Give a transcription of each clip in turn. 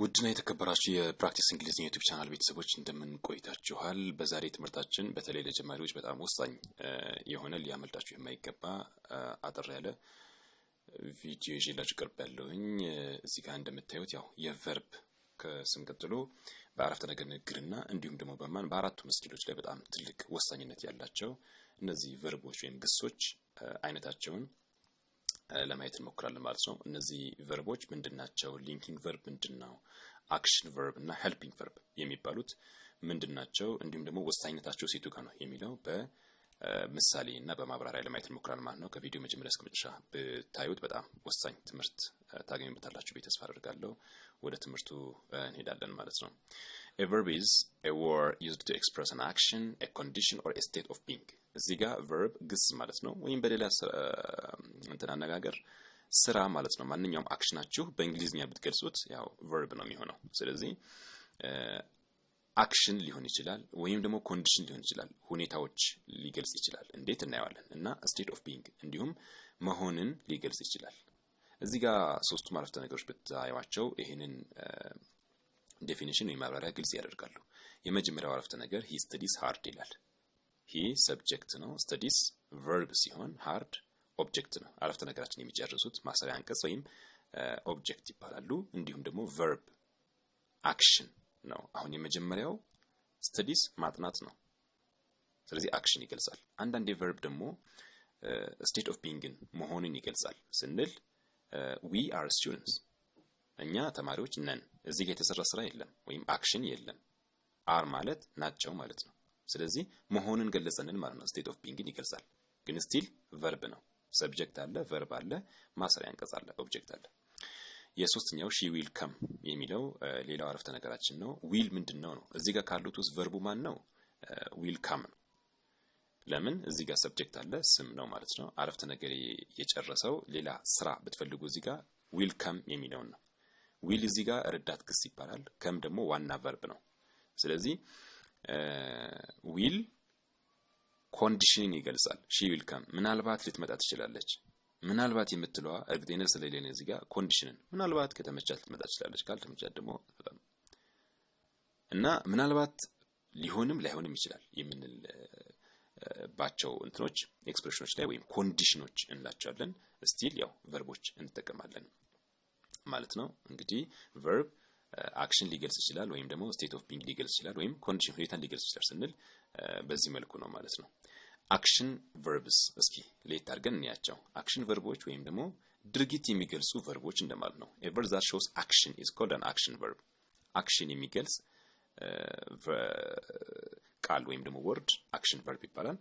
ውድና የተከበራችሁ የፕራክቲስ እንግሊዝኛ ዩቱብ ቻናል ቤተሰቦች እንደምን ቆይታችኋል? በዛሬ ትምህርታችን በተለይ ለጀማሪዎች በጣም ወሳኝ የሆነ ሊያመልጣችሁ የማይገባ አጠር ያለ ቪዲዮ ይዤላችሁ ቅርብ ያለውኝ እዚህ ጋር እንደምታዩት ያው የቨርብ ከስም ቀጥሎ በአረፍተ ነገር ንግግርና እንዲሁም ደግሞ በማን በአራቱ ስኪሎች ላይ በጣም ትልቅ ወሳኝነት ያላቸው እነዚህ ቨርቦች ወይም ግሶች አይነታቸውን ለማየት እንሞክራለን ማለት ነው። እነዚህ ቨርቦች ምንድን ናቸው? ሊንኪንግ ቨርብ ምንድን ነው? አክሽን ቨርብ እና ሄልፒንግ ቨርብ የሚባሉት ምንድን ናቸው? እንዲሁም ደግሞ ወሳኝነታቸው ሴቱ ጋር ነው የሚለው በምሳሌ እና በማብራሪያ ለማየት እንሞክራለን ማለት ነው። ከቪዲዮ መጀመሪያ እስከ መጨረሻ ብታዩት በጣም ወሳኝ ትምህርት ታገኙበታላችሁ ብዬ ተስፋ አደርጋለሁ። ወደ ትምህርቱ እንሄዳለን ማለት ነው። A verb is a word used to express an action, a condition or a state of being። እዚህ ጋ ቨርብ ግስ ማለት ነው፣ ወይም በሌላ እንትን አነጋገር ስራ ማለት ነው። ማንኛውም አክሽናችሁ በእንግሊዝኛ ብትገልጹት ያው verb ነው የሚሆነው። ስለዚህ አክሽን ሊሆን ይችላል ወይም ደግሞ ኮንዲሽን ሊሆን ይችላል። ሁኔታዎች ሊገልጽ ይችላል። እንዴት እናየዋለን። እና ስቴት ኦፍ ቢንግ እንዲሁም መሆንን ሊገልጽ ይችላል። እዚህ ጋር ሶስቱም አረፍተ ነገሮች ብታዩዋቸው ይህንን ዴፊኒሽን ወይም ማብራሪያ ግልጽ ያደርጋሉ። የመጀመሪያው አረፍተ ነገር ሂ ስተዲስ ሃርድ ይላል። ሂ ሰብጀክት ነው፣ ስተዲስ ቨርብ ሲሆን ሃርድ ኦብጀክት ነው። አረፍተ ነገራችን የሚጨርሱት ማሰሪያ አንቀጽ ወይም ኦብጀክት ይባላሉ። እንዲሁም ደግሞ ቨርብ አክሽን ነው። አሁን የመጀመሪያው ስተዲስ ማጥናት ነው። ስለዚህ አክሽን ይገልጻል። አንዳንዴ ቨርብ ደግሞ ስቴት ኦፍ ቢንግን መሆኑን ይገልጻል ስንል ዊ አር ስቱደንትስ እኛ ተማሪዎች ነን እዚህ ጋር የተሰራ ስራ የለም ወይም አክሽን የለም። አር ማለት ናቸው ማለት ነው። ስለዚህ መሆንን ገለጸንን ማለት ነው። ስቴት ኦፍ ቢንግን ይገልጻል። ግን ስቲል ቨርብ ነው። ሰብጀክት አለ፣ ቨርብ አለ፣ ማሰሪያ አንቀጽ አለ፣ ኦብጀክት አለ። የሶስተኛው ሺ ዊል ከም የሚለው ሌላው አረፍተ ነገራችን ነው። ዊል ምንድነው ነው? እዚህ ጋር ካሉት ውስጥ ቨርቡ ማን ነው? ዊል ከም ነው። ለምን እዚህ ጋር ሰብጀክት አለ፣ ስም ነው ማለት ነው። አረፍተ ነገር የጨረሰው ሌላ ስራ ብትፈልጉ እዚህ ጋር ዊል ከም የሚለውን ነው። ዊል እዚህ ጋር ረዳት ግስ ይባላል። ከም ደግሞ ዋና ቨርብ ነው። ስለዚህ ዊል ኮንዲሽንን ይገልጻል። ሺ ዊል ከም ምናልባት ልትመጣ ትችላለች። ምናልባት የምትለዋ እርግጠኝነት ስለሌለ እዚህ ጋር ኮንዲሽንን ምናልባት ከተመቻት ልትመጣ ትችላለች፣ ካልተመቻት ደግሞ እና ምናልባት ሊሆንም ላይሆንም ይችላል የምንልባቸው እንትኖች ኤክስፕሬሽኖች ላይ ወይም ኮንዲሽኖች እንላቸዋለን። ስቲል ያው ቨርቦች እንጠቀማለን። ማለት ነው። እንግዲህ ቨርብ አክሽን uh, ሊገልጽ ይችላል ወይም ደግሞ ስቴት ኦፍ ቢንግ ሊገልጽ ይችላል ወይም ኮንዲሽን ሁኔታን ሊገልጽ ይችላል ስንል uh, በዚህ መልኩ ነው ማለት ነው። አክሽን ቨርብስ እስኪ ሌት አድርገን እንያቸው። አክሽን ቨርቦች ወይም ደግሞ ድርጊት የሚገልጹ ቨርቦች እንደማለት ነው። ኤቨር ዛት ሾውስ አክሽን ኢዝ ኮልድ አን አክሽን ቨርብ። አክሽን የሚገልጽ uh, ቃል ወይም ደግሞ ወርድ አክሽን ቨርብ ይባላል።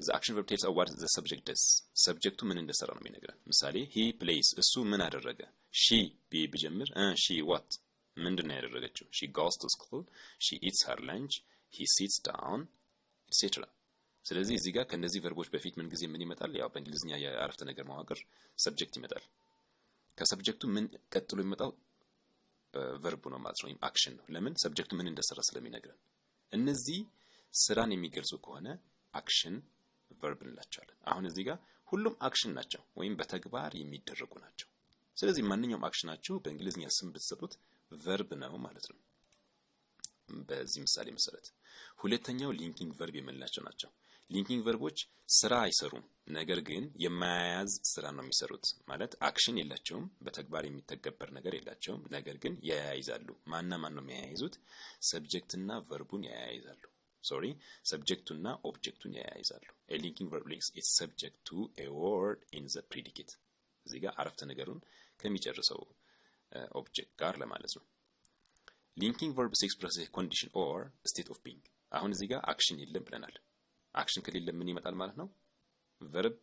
እዛ አክሽን ቨርብ ቴልስ ኦፍ ዘ ሰብጀክት ደስ ሰብጀክቱ ምን እንደሰራ ነው የሚነግረን። ምሳሌ ሂ ፕሌይስ እሱ ምን አደረገ። ሺ ብዬ ብጀምር ሺ ዋት ምንድን ነው ያደረገችው? ሺ ጎስ ቱ ስኩል፣ ሺ ኢትስ ሀር ላንች፣ ሂ ሲትስ ዳውን ኢትሴትራ። ስለዚህ እዚህ ጋር ከነዚህ ቨርቦች በፊት ምን ጊዜ ምን ይመጣል? ያው በእንግሊዝኛ የአረፍተ ነገር መዋቅር ሰብጀክት ይመጣል። ከሰብጀክቱ ምን ቀጥሎ የሚመጣው ቨርቡ ነው ማለት ነው፣ ወይም አክሽን ነው። ለምን ሰብጀክቱ ምን እንደሰራ ስለሚነግረን። እነዚህ ስራን የሚገልጹ ከሆነ አክሽን ቨርብ እንላቸዋለን። አሁን እዚህ ጋር ሁሉም አክሽን ናቸው ወይም በተግባር የሚደረጉ ናቸው። ስለዚህ ማንኛውም አክሽናችሁ በእንግሊዝኛ ስም ብትሰጡት ቨርብ ነው ማለት ነው። በዚህ ምሳሌ መሰረት ሁለተኛው ሊንኪንግ ቨርብ የምንላቸው ናቸው። ሊንኪንግ ቨርቦች ስራ አይሰሩም፣ ነገር ግን የማያያዝ ስራ ነው የሚሰሩት። ማለት አክሽን የላቸውም፣ በተግባር የሚተገበር ነገር የላቸውም፣ ነገር ግን ያያይዛሉ። ማና ማን ነው የሚያያይዙት? ሰብጀክትና ቨርቡን ያያይዛሉ። ሶሪ ሰብጀክቱና ኦብጀክቱን ያያይዛሉ። ኤ ሊንኪንግ ቨርብ ሊንክስ ኢትስ ሰብጀክት ቱ ኤ ወርድ ኢን ዘ ፕሪዲኬት። እዚህ ጋር አረፍተ ነገሩን ከሚጨርሰው ኦብጀክት ጋር ለማለት ነው። ሊንኪንግ ቨርብ ኤክስፕረስ ኤ ኮንዲሽን ኦር ስቴት ኦፍ ቢንግ። አሁን እዚህ ጋር አክሽን የለም ብለናል። አክሽን ከሌለ ምን ይመጣል ማለት ነው? ቨርብ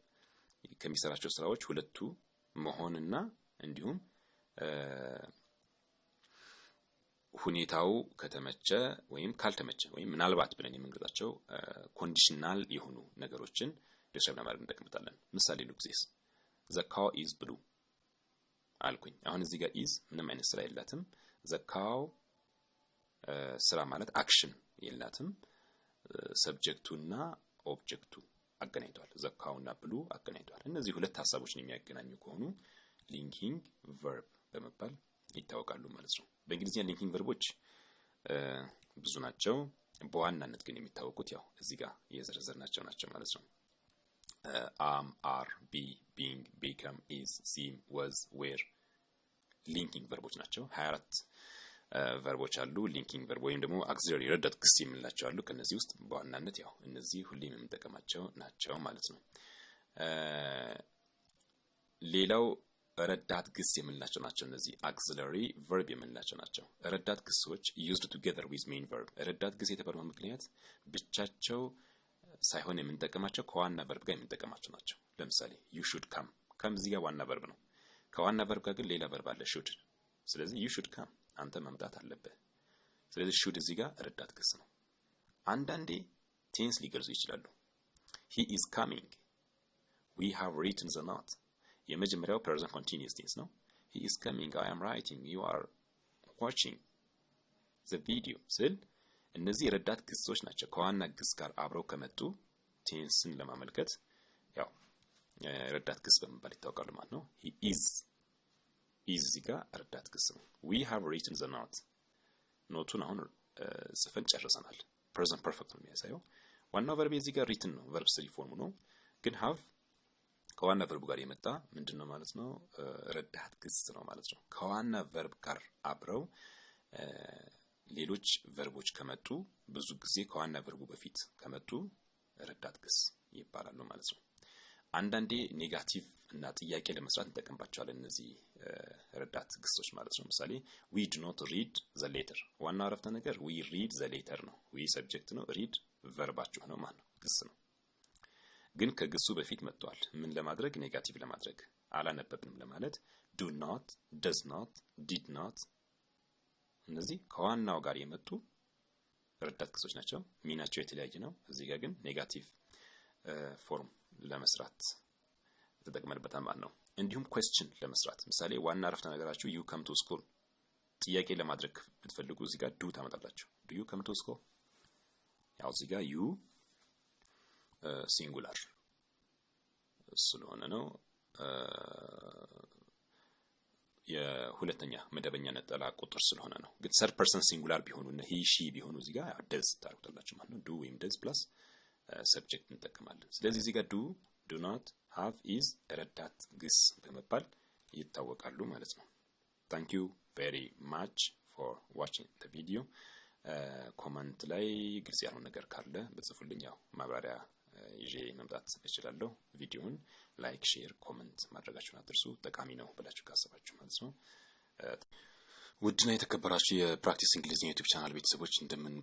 ከሚሰራቸው ስራዎች ሁለቱ መሆንና እንዲሁም ሁኔታው ከተመቸ ወይም ካልተመቸ ወይም ምናልባት ብለን የምንገዛቸው ኮንዲሽናል የሆኑ ነገሮችን ዲስክራይብ ለማድረግ እንጠቀምበታለን። ምሳሌ ሉክዚስ ዘ ካው ኢዝ ብሉ አልኩኝ። አሁን እዚህ ጋር ኢዝ ምንም አይነት ስራ የላትም። ዘ ካው ስራ ማለት አክሽን የላትም። ሰብጀክቱና ኦብጀክቱ አገናኝቷል። ዘ ካውና ብሉ አገናኝቷል። እነዚህ ሁለት ሀሳቦችን የሚያገናኙ ከሆኑ ሊንኪንግ ቨርብ በመባል ይታወቃሉ ማለት ነው። በእንግሊዝኛ ሊንኪንግ ቨርቦች ብዙ ናቸው። በዋናነት ግን የሚታወቁት ያው እዚህ ጋር የዘረዘርናቸው ናቸው ማለት ነው። አም፣ አር፣ ቢ፣ ቢንግ፣ ቢከም፣ ኢዝ፣ ሲም፣ ወዝ፣ ዌር ሊንኪንግ ቨርቦች ናቸው። 24 ቨርቦች አሉ። ሊንኪንግ ቨርብ ወይም ደግሞ አክሲለሪ ረዳት ክስ የምንላቸው አሉ። ከነዚህ ውስጥ በዋናነት ያው እነዚህ ሁሌም የምንጠቀማቸው ናቸው ማለት ነው። ሌላው ረዳት ግስ የምንላቸው ናቸው። እነዚህ አክስለሪ ቨርብ የምንላቸው ናቸው። ረዳት ግሶች ዩዝድ ቱጌዘር ዊዝ ሜን ቨርብ። ረዳት ግስ የተባለው ምክንያት ብቻቸው ሳይሆን የምንጠቀማቸው ከዋና ቨርብ ጋር የምንጠቀማቸው ናቸው። ለምሳሌ ዩ ሹድ ካም፣ ከም እዚህ ጋር ዋና ቨርብ ነው። ከዋና ቨርብ ጋር ግን ሌላ ቨርብ አለ ሹድ። ስለዚህ ዩ ሹድ ካም፣ አንተ መምጣት አለብህ። ስለዚህ ሹድ እዚህ ጋር ረዳት ግስ ነው። አንዳንዴ ቴንስ ሊገልጹ ይችላሉ። ሂ ኢዝ ካሚንግ፣ ዊ ሃቭ ሪትን ዘ ኖት የመጀመሪያው ፕሬዘንት ኮንቲኒየስ ቴንስ ነው። ሂ ኢዝ ካሚንግ፣ አይ አም ራይቲንግ፣ ዩ አር ዋቺንግ ዘ ቪዲዮ ስል እነዚህ የረዳት ግሶች ናቸው። ከዋና ግስ ጋር አብረው ከመጡ ቴንስን ለማመልከት ያው ረዳት ግስ በመባል ይታወቃሉ ማለት ነው። ሂ ኢዝ ኢዝ እዚህ ጋር ረዳት ግስ ነው። ዊ ሃቭ ሪትን ዘ ኖት ኖቱን አሁን ጽፈን ጨርሰናል። ፕሬዘንት ፐርፌክት ነው የሚያሳየው። ዋናው ቨርብ እዚህ ጋር ሪትን ነው፣ ቨርብ ስሪ ፎርሙ ነው። ግን ሃቭ ከዋና ቨርቡ ጋር የመጣ ምንድን ነው ማለት ነው? ረዳት ግስ ነው ማለት ነው። ከዋና ቨርብ ጋር አብረው ሌሎች ቨርቦች ከመጡ ብዙ ጊዜ ከዋና ቨርቡ በፊት ከመጡ ረዳት ግስ ይባላሉ ማለት ነው። አንዳንዴ ኔጋቲቭ እና ጥያቄ ለመስራት እንጠቀምባቸዋለን እነዚህ ረዳት ግሶች ማለት ነው። ምሳሌ ዊ ድ ኖት ሪድ ዘ ሌተር። ዋና አረፍተ ነገር ዊ ሪድ ዘ ሌተር ነው። ዊ ሰብጀክት ነው፣ ሪድ ቨርባችሁ ነው ማለት ነው፣ ግስ ነው። ግን ከግሱ በፊት መጥቷል። ምን ለማድረግ ኔጋቲቭ ለማድረግ አላነበብንም ለማለት ዱ ኖት፣ ደዝ ኖት፣ ዲድ ኖት እነዚህ ከዋናው ጋር የመጡ ረዳት ግሶች ናቸው። ሚናቸው የተለያየ ነው። እዚህ ጋር ግን ኔጋቲቭ ፎርም ለመስራት ተጠቅመንበት ማለት ነው። እንዲሁም ኮስችን ለመስራት ምሳሌ ዋና አረፍተ ነገራችሁ ዩ ከም ቱ ስኩል ጥያቄ ለማድረግ ብትፈልጉ እዚህ ጋር ዱ ታመጣላችሁ። ዱ ዩ ከም ቱ ስኩል ያው እዚህ ጋር ዩ ሲንጉላር ስለሆነ ነው። የሁለተኛ መደበኛ ነጠላ ቁጥር ስለሆነ ነው። ግን ሰርድ ፐርሰን ሲንጉላር ቢሆኑ እነ ሂ ሺ ቢሆኑ እዚህ ጋር ደዝ ታደርጉታላችሁ ማለት ነው። ዱ ወይም ደዝ ፕላስ ሰብጀክት እንጠቀማለን። ስለዚህ እዚህ ጋር ዱ፣ ዱ ናት፣ ሃቭ፣ ኢዝ ረዳት ግስ በመባል ይታወቃሉ ማለት ነው። ታንክ ዩ ቬሪ ማች ፎር ዋችንግ ዘ ቪዲዮ። ኮመንት ላይ ግልጽ ያልሆነ ነገር ካለ በጽፉልኝ ያው ማብራሪያ ይዤ መምጣት እችላለሁ። ቪዲዮውን ላይክ፣ ሼር፣ ኮመንት ማድረጋችሁን አትርሱ። ጠቃሚ ነው ብላችሁ ካሰባችሁ ማለት ነው። ውድና የተከበራችሁ የፕራክቲስ እንግሊዝኛ ዩቲዩብ ቻናል ቤተሰቦች እንደምን